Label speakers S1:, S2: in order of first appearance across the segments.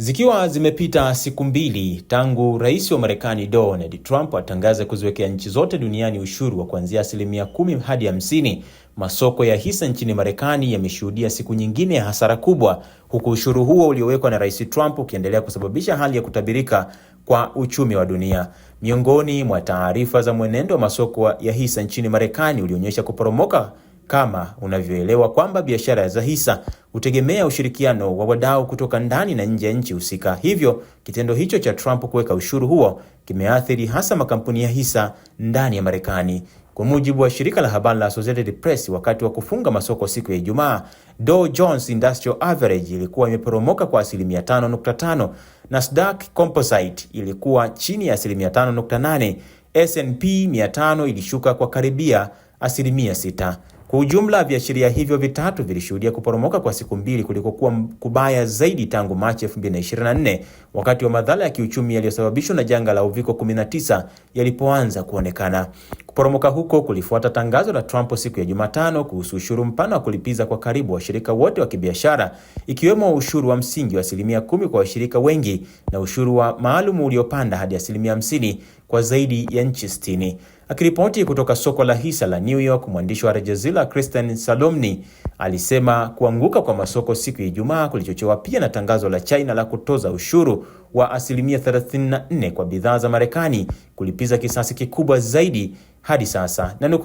S1: Zikiwa zimepita siku mbili tangu rais wa Marekani Donald Trump atangaze kuziwekea nchi zote duniani ushuru wa kuanzia asilimia kumi hadi hamsini, masoko ya hisa nchini Marekani yameshuhudia siku nyingine ya hasara kubwa, huku ushuru huo uliowekwa na Rais Trump ukiendelea kusababisha hali ya kutabirika kwa uchumi wa dunia. Miongoni mwa taarifa za mwenendo wa masoko ya hisa nchini Marekani ulionyesha kuporomoka kama unavyoelewa kwamba biashara za hisa hutegemea ushirikiano wa wadau kutoka ndani na nje ya nchi husika. Hivyo kitendo hicho cha Trump kuweka ushuru huo kimeathiri hasa makampuni ya hisa ndani ya Marekani. Kwa mujibu wa shirika la habari la Associated Press, wakati wa kufunga masoko siku ya Ijumaa, Dow Jones Industrial Average ilikuwa imeporomoka kwa asilimia 5.5, Nasdaq Composite ilikuwa chini ya asilimia 5.8, S&P 500 ilishuka kwa karibia asilimia 6. Kwa ujumla, viashiria hivyo vitatu vilishuhudia kuporomoka kwa siku mbili kulikokuwa kubaya zaidi tangu Machi 2024 wakati wa madhara ya kiuchumi yaliyosababishwa na janga la Uviko 19 yalipoanza kuonekana. Kuporomoka huko kulifuata tangazo la Trump siku ya Jumatano kuhusu ushuru mpana wa kulipiza kwa karibu washirika wote wa kibiashara, ikiwemo ushuru wa msingi wa asilimia kumi kwa washirika wengi na ushuru wa maalum uliopanda hadi asilimia hamsini kwa zaidi ya nchi sitini. Akiripoti kutoka soko la hisa la New York, mwandishi wa Aljazeera Kristen Salomni alisema kuanguka kwa masoko siku ya Ijumaa kulichochewa pia na tangazo la China la kutoza ushuru wa asilimia 34 kwa bidhaa za Marekani, kulipiza kisasi kikubwa zaidi hadi sasa, na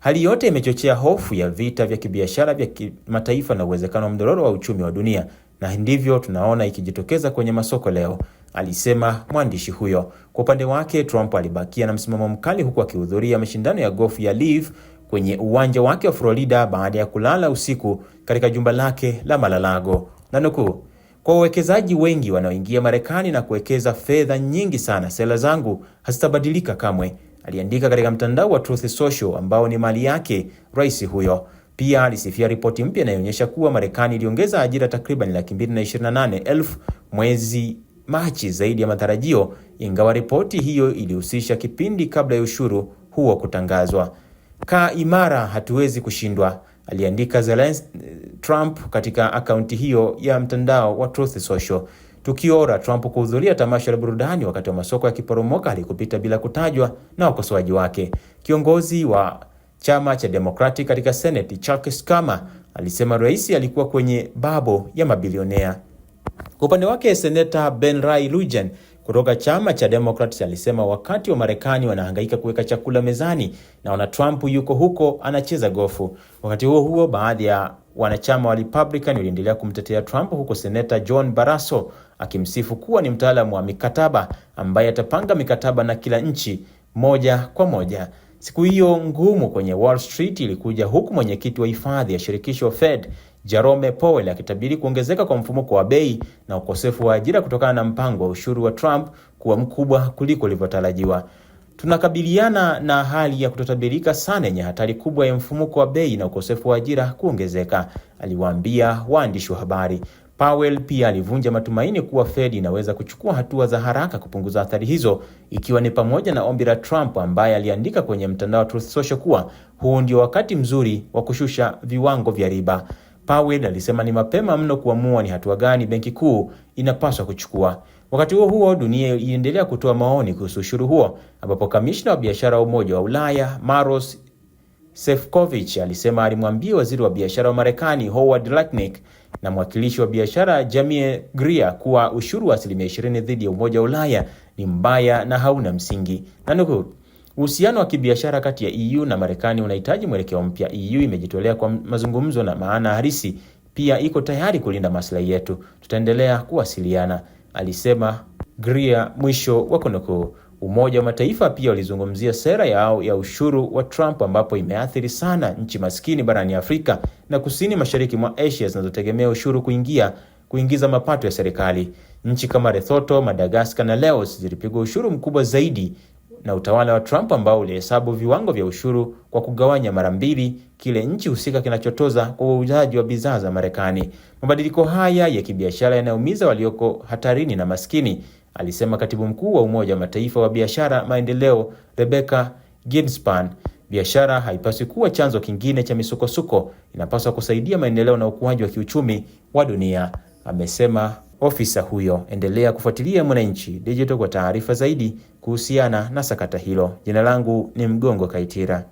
S1: hali yote imechochea hofu ya vita vya kibiashara vya kimataifa na uwezekano wa mdororo wa uchumi wa dunia, na ndivyo tunaona ikijitokeza kwenye masoko leo alisema mwandishi huyo. Kwa upande wake, Trump alibakia na msimamo mkali huku akihudhuria mashindano ya gofu ya Live kwenye uwanja wake wa Florida baada ya kulala usiku katika jumba lake la Malalago, na nukuu, kwa wawekezaji wengi wanaoingia Marekani na kuwekeza fedha nyingi sana, sera zangu hazitabadilika kamwe, aliandika katika mtandao wa Truth Social ambao ni mali yake rais huyo. Pia alisifia ripoti mpya inayoonyesha kuwa Marekani iliongeza ajira takriban laki mbili na ishirini na nane mwezi Machi zaidi ya matarajio, ingawa ripoti hiyo ilihusisha kipindi kabla ya ushuru huo kutangazwa. Kaa imara, hatuwezi kushindwa, aliandika Zelensky, Trump katika akaunti hiyo ya mtandao wa Truth Social. Tukiora Trump kuhudhuria tamasha la burudani wakati wa masoko yakiporomoka alikupita bila kutajwa na wakosoaji wake. Kiongozi wa chama cha Democratic katika Senate, Chuck Schumer alisema rais alikuwa kwenye babo ya mabilionea. Kwa upande wake seneta Ben Rai Lujan kutoka chama cha Democrats alisema wakati wa Marekani wanahangaika kuweka chakula mezani, naona Trump yuko huko anacheza gofu. Wakati huo huo, baadhi ya wanachama wa Republican waliendelea kumtetea Trump, huko seneta John Barrasso akimsifu kuwa ni mtaalamu wa mikataba ambaye atapanga mikataba na kila nchi moja kwa moja. Siku hiyo ngumu kwenye Wall Street ilikuja huku mwenyekiti wa hifadhi ya shirikisho Fed Jerome Powell akitabiri kuongezeka kwa mfumuko wa bei na ukosefu wa ajira kutokana na mpango wa ushuru wa Trump kuwa mkubwa kuliko ulivyotarajiwa. Tunakabiliana na hali ya kutotabirika sana yenye hatari kubwa ya mfumuko wa bei na ukosefu wa ajira kuongezeka, aliwaambia waandishi wa habari. Powell pia alivunja matumaini kuwa Fed inaweza kuchukua hatua za haraka kupunguza athari hizo, ikiwa ni pamoja na ombi la Trump ambaye aliandika kwenye mtandao wa Truth Social kuwa huu ndio wakati mzuri wa kushusha viwango vya riba. Powell alisema ni mapema mno kuamua ni hatua gani benki kuu inapaswa kuchukua. Wakati huo huo, dunia iliendelea kutoa maoni kuhusu ushuru huo, ambapo kamishna wa biashara wa Umoja wa Ulaya Maros Sefcovic alisema alimwambia waziri wa biashara wa Marekani Howard Lutnick na mwakilishi wa biashara Jamie Greer kuwa ushuru wa asilimia 20 dhidi ya Umoja wa Ulaya ni mbaya na hauna msingi na Uhusiano wa kibiashara kati ya EU na Marekani unahitaji mwelekeo mpya. EU imejitolea kwa mazungumzo na maana halisi, pia iko tayari kulinda maslahi yetu. Tutaendelea kuwasiliana, alisema Greer. Mwisho wa kunukuu. Umoja wa Mataifa pia ulizungumzia sera yao ya ushuru wa Trump ambapo imeathiri sana nchi maskini barani Afrika na kusini mashariki mwa Asia zinazotegemea ushuru kuingia kuingiza mapato ya serikali. Nchi kama Lesotho, madagascar na Laos zilipigwa ushuru mkubwa zaidi na utawala wa Trump ambao ulihesabu viwango vya ushuru kwa kugawanya mara mbili kile nchi husika kinachotoza kwa uuzaji wa bidhaa za Marekani. Mabadiliko haya ya kibiashara yanaumiza walioko hatarini na maskini, alisema katibu mkuu wa Umoja wa Mataifa wa biashara maendeleo, Rebecca Ginspan. Biashara haipaswi kuwa chanzo kingine cha misukosuko, inapaswa kusaidia maendeleo na ukuaji wa kiuchumi wa dunia, amesema ofisa huyo. Endelea kufuatilia Mwananchi Digital kwa taarifa zaidi kuhusiana na sakata hilo. Jina langu ni Mgongo Kaitira.